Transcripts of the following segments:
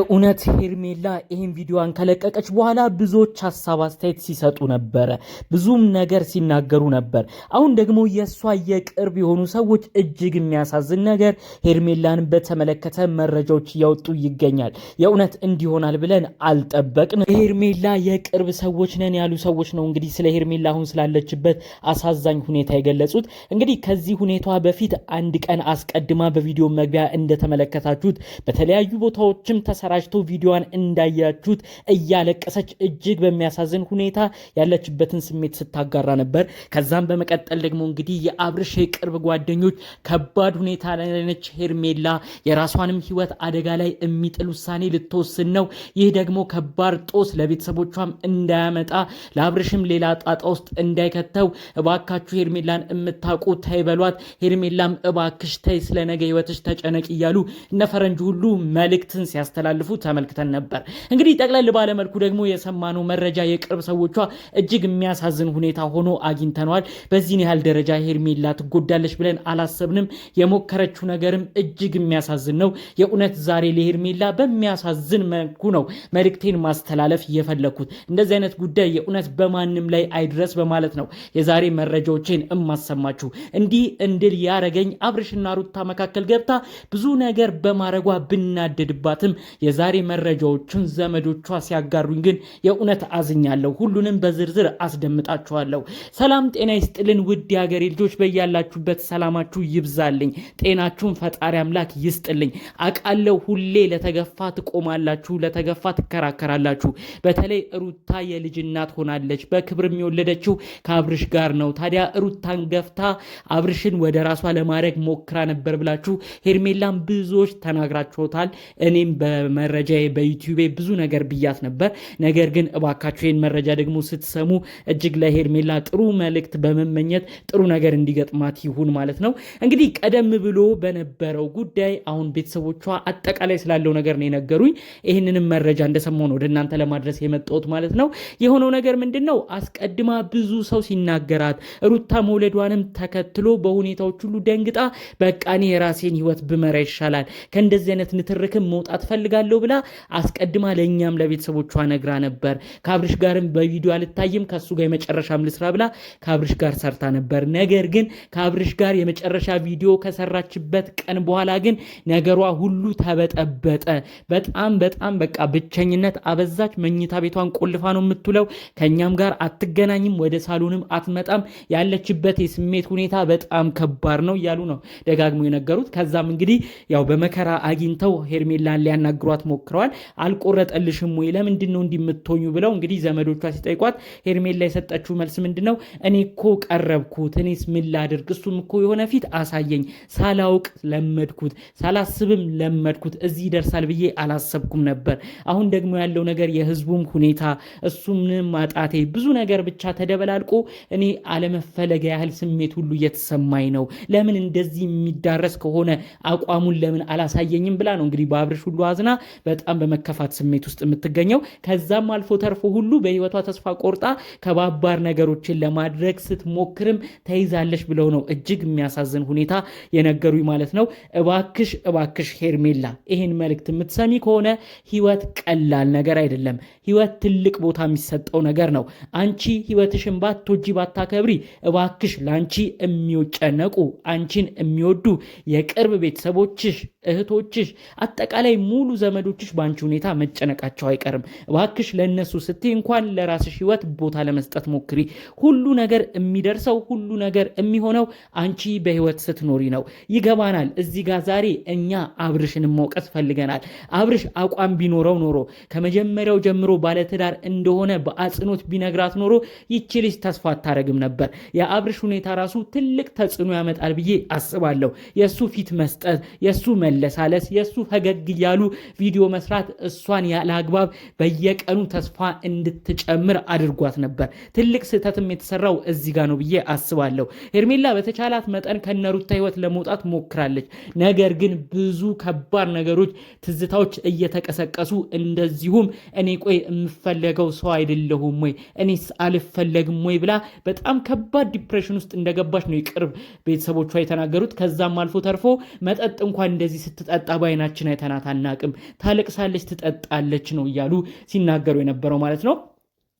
እውነት ሄርሜላ ይህን ቪዲዮዋን ከለቀቀች በኋላ ብዙዎች ሀሳብ አስተያየት ሲሰጡ ነበረ። ብዙም ነገር ሲናገሩ ነበር። አሁን ደግሞ የእሷ የቅርብ የሆኑ ሰዎች እጅግ የሚያሳዝን ነገር ሄርሜላን በተመለከተ መረጃዎች እያወጡ ይገኛል። የእውነት እንዲሆናል ብለን አልጠበቅንም። ሄርሜላ የቅርብ ሰዎች ነን ያሉ ሰዎች ነው እንግዲህ ስለ ሄርሜላ አሁን ስላለችበት አሳዛኝ ሁኔታ የገለጹት። እንግዲህ ከዚህ ሁኔታዋ በፊት አንድ ቀን አስቀድማ በቪዲዮ መግቢያ እንደተመለከታችሁት በተለያዩ ቦታዎችም ተሰ አሰራጭቶ ቪዲዮዋን እንዳያችሁት እያለቀሰች እጅግ በሚያሳዝን ሁኔታ ያለችበትን ስሜት ስታጋራ ነበር። ከዛም በመቀጠል ደግሞ እንግዲህ የአብርሽ የቅርብ ጓደኞች ከባድ ሁኔታ ላይ ነች ሄርሜላ የራሷንም ህይወት አደጋ ላይ የሚጥል ውሳኔ ልትወስን ነው። ይህ ደግሞ ከባድ ጦስ ለቤተሰቦቿም እንዳያመጣ ለአብርሽም ሌላ ጣጣ ውስጥ እንዳይከተው እባካችሁ ሄርሜላን የምታውቁ ተይ ሄርሜላም እባክሽ ተይ ስለነገ ሕይወትሽ ተጨነቅ እያሉ እነ ፈረንጅ ሁሉ መልእክትን ሲያስተላል ሲያስተላልፉ ተመልክተን ነበር። እንግዲህ ጠቅለል ባለመልኩ ደግሞ የሰማነው መረጃ የቅርብ ሰዎቿ እጅግ የሚያሳዝን ሁኔታ ሆኖ አግኝተነዋል። በዚህን ያህል ደረጃ ሄርሜላ ትጎዳለች ብለን አላሰብንም። የሞከረችው ነገርም እጅግ የሚያሳዝን ነው። የእውነት ዛሬ ለሄርሜላ በሚያሳዝን መልኩ ነው መልእክቴን ማስተላለፍ የፈለግኩት። እንደዚህ አይነት ጉዳይ የእውነት በማንም ላይ አይድረስ በማለት ነው የዛሬ መረጃዎችን እማሰማችሁ። እንዲህ እንድል ያረገኝ አብርሽና ሩታ መካከል ገብታ ብዙ ነገር በማድረጓ ብናደድባትም የዛሬ መረጃዎችን ዘመዶቿ ሲያጋሩኝ ግን የእውነት አዝኛለሁ። ሁሉንም በዝርዝር አስደምጣችኋለሁ። ሰላም ጤና ይስጥልን ውድ የሀገሬ ልጆች በያላችሁበት ሰላማችሁ ይብዛልኝ፣ ጤናችሁን ፈጣሪ አምላክ ይስጥልኝ። አቃለው ሁሌ ለተገፋ ትቆማላችሁ፣ ለተገፋ ትከራከራላችሁ። በተለይ ሩታ የልጅ እናት ሆናለች። በክብርም የወለደችው ከአብርሽ ጋር ነው። ታዲያ ሩታን ገፍታ አብርሽን ወደ ራሷ ለማድረግ ሞክራ ነበር ብላችሁ ሄርሜላን ብዙዎች ተናግራችሁታል። እኔም መረጃ በዩቲዩቤ ብዙ ነገር ብያት ነበር። ነገር ግን እባካችሁ ይህን መረጃ ደግሞ ስትሰሙ እጅግ ለሄርሜላ ጥሩ መልእክት በመመኘት ጥሩ ነገር እንዲገጥማት ይሁን ማለት ነው። እንግዲህ ቀደም ብሎ በነበረው ጉዳይ አሁን ቤተሰቦቿ አጠቃላይ ስላለው ነገር ነው የነገሩኝ። ይህንንም መረጃ እንደሰማው ነው ወደ እናንተ ለማድረስ የመጣሁት ማለት ነው። የሆነው ነገር ምንድን ነው? አስቀድማ ብዙ ሰው ሲናገራት ሩታ መውለዷንም ተከትሎ በሁኔታዎች ሁሉ ደንግጣ በቃ እኔ የራሴን ህይወት ብመራ ይሻላል ከእንደዚህ አይነት ንትርክም መውጣት ፈልጋል እፈልጋለሁ ብላ አስቀድማ ለእኛም ለቤተሰቦቿ ነግራ ነበር። ከአብርሽ ጋርም በቪዲዮ አልታይም ከሱ ጋር የመጨረሻም ልስራ ብላ ከአብርሽ ጋር ሰርታ ነበር። ነገር ግን ከአብርሽ ጋር የመጨረሻ ቪዲዮ ከሰራችበት ቀን በኋላ ግን ነገሯ ሁሉ ተበጠበጠ። በጣም በጣም በቃ ብቸኝነት አበዛች። መኝታ ቤቷን ቆልፋ ነው የምትውለው። ከእኛም ጋር አትገናኝም፣ ወደ ሳሎንም አትመጣም። ያለችበት የስሜት ሁኔታ በጣም ከባድ ነው እያሉ ነው ደጋግሞ የነገሩት። ከዛም እንግዲህ ያው በመከራ አግኝተው ሄርሜላን ሊያናገሩ ሊነግሯት ሞክረዋል። አልቆረጠልሽም ወይ ለምንድን ነው እንዲህ ብለው እንግዲህ ዘመዶቿ ሲጠይቋት ሄርሜላ የሰጠችው መልስ ምንድን ነው? እኔ እኮ ቀረብኩት፣ እኔስ ምን ላድርግ? እሱም እኮ የሆነ ፊት አሳየኝ፣ ሳላውቅ ለመድኩት፣ ሳላስብም ለመድኩት። እዚህ ይደርሳል ብዬ አላሰብኩም ነበር። አሁን ደግሞ ያለው ነገር የህዝቡም ሁኔታ እሱም ማጣቴ ብዙ ነገር ብቻ ተደበላልቆ እኔ አለመፈለገ ያህል ስሜት ሁሉ እየተሰማኝ ነው። ለምን እንደዚህ የሚዳረስ ከሆነ አቋሙን ለምን አላሳየኝም ብላ ነው እንግዲህ በአብርሽ ሁሉ አዝና በጣም በመከፋት ስሜት ውስጥ የምትገኘው ከዛም አልፎ ተርፎ ሁሉ በህይወቷ ተስፋ ቆርጣ ከባባር ነገሮችን ለማድረግ ስትሞክርም ተይዛለች ብለው ነው እጅግ የሚያሳዝን ሁኔታ የነገሩኝ ማለት ነው። እባክሽ እባክሽ ሄርሜላ ይህን መልእክት የምትሰሚ ከሆነ ህይወት ቀላል ነገር አይደለም። ህይወት ትልቅ ቦታ የሚሰጠው ነገር ነው። አንቺ ህይወትሽን ባትወጂ ባታከብሪ፣ እባክሽ ለአንቺ የሚጨነቁ አንቺን የሚወዱ የቅርብ ቤተሰቦችሽ እህቶችሽ፣ አጠቃላይ ሙሉ ዘመዶችሽ በአንቺ ሁኔታ መጨነቃቸው አይቀርም። እባክሽ ለእነሱ ስትይ እንኳን ለራስሽ ህይወት ቦታ ለመስጠት ሞክሪ። ሁሉ ነገር የሚደርሰው ሁሉ ነገር የሚሆነው አንቺ በህይወት ስትኖሪ ነው። ይገባናል። እዚህ ጋር ዛሬ እኛ አብርሽን መውቀስ ፈልገናል። አብርሽ አቋም ቢኖረው ኖሮ ከመጀመሪያው ጀምሮ ባለትዳር እንደሆነ በአጽንኦት ቢነግራት ኖሮ ይቺ ልጅ ተስፋ አታረግም ነበር። የአብርሽ ሁኔታ ራሱ ትልቅ ተጽዕኖ ያመጣል ብዬ አስባለሁ። የእሱ ፊት መስጠት የእሱ መ መለሳለስ፣ የእሱ ፈገግ እያሉ ቪዲዮ መስራት እሷን ያለ አግባብ በየቀኑ ተስፋ እንድትጨምር አድርጓት ነበር። ትልቅ ስህተትም የተሰራው እዚህ ጋ ነው ብዬ አስባለሁ። ሄርሜላ በተቻላት መጠን ከነሩታ ህይወት ለመውጣት ሞክራለች። ነገር ግን ብዙ ከባድ ነገሮች፣ ትዝታዎች እየተቀሰቀሱ እንደዚሁም እኔ ቆይ የምፈለገው ሰው አይደለሁም ወይ እኔስ አልፈለግም ወይ ብላ በጣም ከባድ ዲፕሬሽን ውስጥ እንደገባች ነው የቅርብ ቤተሰቦቿ የተናገሩት። ከዛም አልፎ ተርፎ መጠጥ እንኳን እንደዚህ ስትጠጣ በአይናችን አይተናት አናቅም፣ ታለቅሳለች፣ ትጠጣለች ነው እያሉ ሲናገሩ የነበረው ማለት ነው።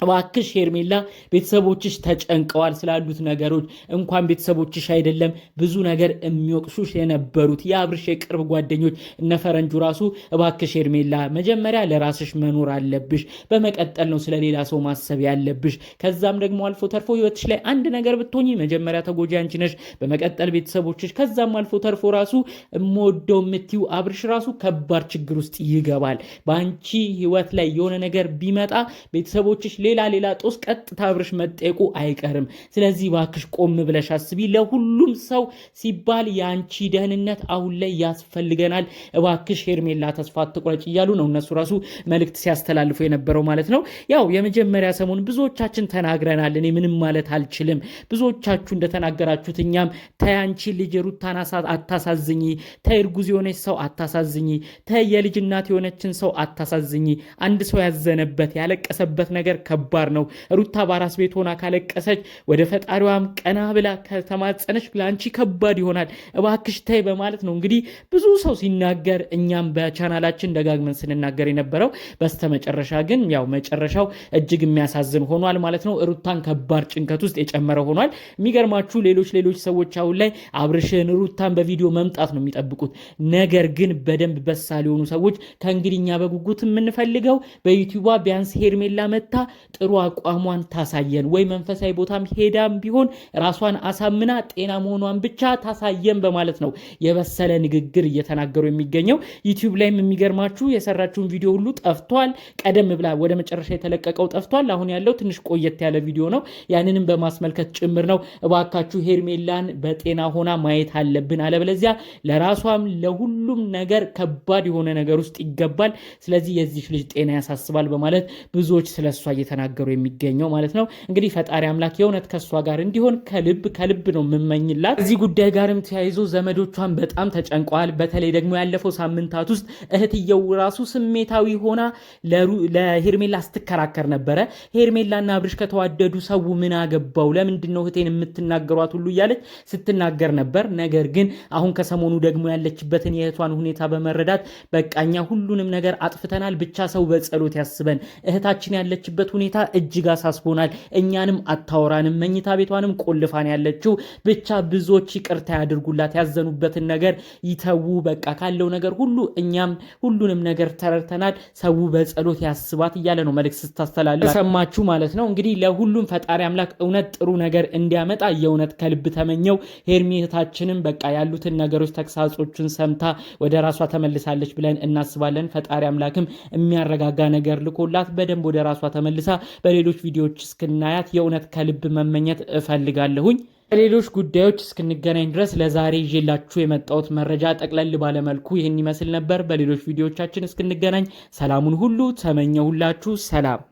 እባክሽ ሄርሜላ ቤተሰቦችሽ ተጨንቀዋል ስላሉት ነገሮች እንኳን ቤተሰቦችሽ አይደለም ብዙ ነገር የሚወቅሱሽ የነበሩት የአብርሽ የቅርብ ጓደኞች እነ ፈረንጁ ራሱ እባክሽ ሄርሜላ መጀመሪያ ለራስሽ መኖር አለብሽ፣ በመቀጠል ነው ስለሌላ ሰው ማሰብ ያለብሽ። ከዛም ደግሞ አልፎ ተርፎ ህይወትሽ ላይ አንድ ነገር ብትሆኚ መጀመሪያ ተጎጂ አንቺ ነሽ፣ በመቀጠል ቤተሰቦችሽ፣ ከዛም አልፎ ተርፎ ራሱ የምወደው የምትዩ አብርሽ ራሱ ከባድ ችግር ውስጥ ይገባል። በአንቺ ህይወት ላይ የሆነ ነገር ቢመጣ ቤተሰቦችሽ ሌላ ሌላ ጦስ ቀጥታ አብርሽ መጠየቁ አይቀርም። ስለዚህ ባክሽ ቆም ብለሽ አስቢ። ለሁሉም ሰው ሲባል የአንቺ ደህንነት አሁን ላይ ያስፈልገናል። እባክሽ ሄርሜላ ተስፋ አትቁረጭ እያሉ ነው እነሱ ራሱ መልእክት ሲያስተላልፉ የነበረው ማለት ነው። ያው የመጀመሪያ ሰሞን ብዙዎቻችን ተናግረናል። እኔ ምንም ማለት አልችልም። ብዙዎቻችሁ እንደተናገራችሁት እኛም ተይ አንቺ ልጅ ሩታን አታሳዝኝ፣ ተይ እርጉዝ የሆነች ሰው አታሳዝኝ፣ ተይ የልጅ እናት የሆነችን ሰው አታሳዝኝ። አንድ ሰው ያዘነበት ያለቀሰበት ነገር ከ ከባድ ነው። ሩታ ባራስ ቤት ሆና ካለቀሰች ወደ ፈጣሪዋም ቀና ብላ ከተማጸነች ለአንቺ ከባድ ይሆናል፣ እባክሽ ተይ በማለት ነው እንግዲህ ብዙ ሰው ሲናገር እኛም በቻናላችን ደጋግመን ስንናገር የነበረው። በስተመጨረሻ ግን ያው መጨረሻው እጅግ የሚያሳዝን ሆኗል ማለት ነው። ሩታን ከባድ ጭንቀት ውስጥ የጨመረ ሆኗል። የሚገርማችሁ ሌሎች ሌሎች ሰዎች አሁን ላይ አብርሽን፣ ሩታን በቪዲዮ መምጣት ነው የሚጠብቁት። ነገር ግን በደንብ በሳል የሆኑ ሰዎች ከእንግዲህ እኛ በጉጉት የምንፈልገው በዩቲዩቧ ቢያንስ ሄርሜላ መታ ጥሩ አቋሟን ታሳየን ወይ መንፈሳዊ ቦታም ሄዳም ቢሆን ራሷን አሳምና ጤና መሆኗን ብቻ ታሳየን በማለት ነው የበሰለ ንግግር እየተናገሩ የሚገኘው። ዩቲዩብ ላይም የሚገርማችሁ የሰራችውን ቪዲዮ ሁሉ ጠፍቷል። ቀደም ብላ ወደ መጨረሻ የተለቀቀው ጠፍቷል። አሁን ያለው ትንሽ ቆየት ያለ ቪዲዮ ነው። ያንንም በማስመልከት ጭምር ነው። እባካችሁ ሄርሜላን በጤና ሆና ማየት አለብን፣ አለበለዚያ ለራሷም ለሁሉም ነገር ከባድ የሆነ ነገር ውስጥ ይገባል። ስለዚህ የዚህ ልጅ ጤና ያሳስባል በማለት ብዙዎች ስለሷ እየተ እየተናገሩ የሚገኘው ማለት ነው። እንግዲህ ፈጣሪ አምላክ የእውነት ከእሷ ጋር እንዲሆን ከልብ ከልብ ነው የምመኝላት። እዚህ ጉዳይ ጋርም ተያይዞ ዘመዶቿን በጣም ተጨንቀዋል። በተለይ ደግሞ ያለፈው ሳምንታት ውስጥ እህትየው ራሱ ስሜታዊ ሆና ለሄርሜላ ስትከራከር ነበረ። ሄርሜላና አብርሽ ከተዋደዱ ሰው ምን አገባው? ለምንድን ነው እህቴን የምትናገሯት? ሁሉ እያለች ስትናገር ነበር። ነገር ግን አሁን ከሰሞኑ ደግሞ ያለችበትን የእህቷን ሁኔታ በመረዳት በቃኛ ሁሉንም ነገር አጥፍተናል፣ ብቻ ሰው በጸሎት ያስበን እህታችን ያለችበት ሁኔታ ሁኔታ እጅግ አሳስቦናል። እኛንም አታወራንም፣ መኝታ ቤቷንም ቆልፋን ያለችው ብቻ ብዙዎች ይቅርታ ያድርጉላት፣ ያዘኑበትን ነገር ይተዉ። በቃ ካለው ነገር ሁሉ እኛም ሁሉንም ነገር ተረድተናል፣ ሰው በጸሎት ያስባት እያለ ነው መልእክት ስታስተላለ ሰማችሁ ማለት ነው። እንግዲህ ለሁሉም ፈጣሪ አምላክ እውነት ጥሩ ነገር እንዲያመጣ የእውነት ከልብ ተመኘው። ሄርሜታችንም በቃ ያሉትን ነገሮች ተግሳጾቹን ሰምታ ወደ ራሷ ተመልሳለች ብለን እናስባለን። ፈጣሪ አምላክም የሚያረጋጋ ነገር ልኮላት በደንብ ወደ ራሷ ተመልሳ በሌሎች ቪዲዮዎች እስክናያት የእውነት ከልብ መመኘት እፈልጋለሁኝ። በሌሎች ጉዳዮች እስክንገናኝ ድረስ ለዛሬ ይዤላችሁ የመጣሁት መረጃ ጠቅለል ባለመልኩ ይህን ይመስል ነበር። በሌሎች ቪዲዮዎቻችን እስክንገናኝ ሰላሙን ሁሉ ተመኘሁላችሁ። ሰላም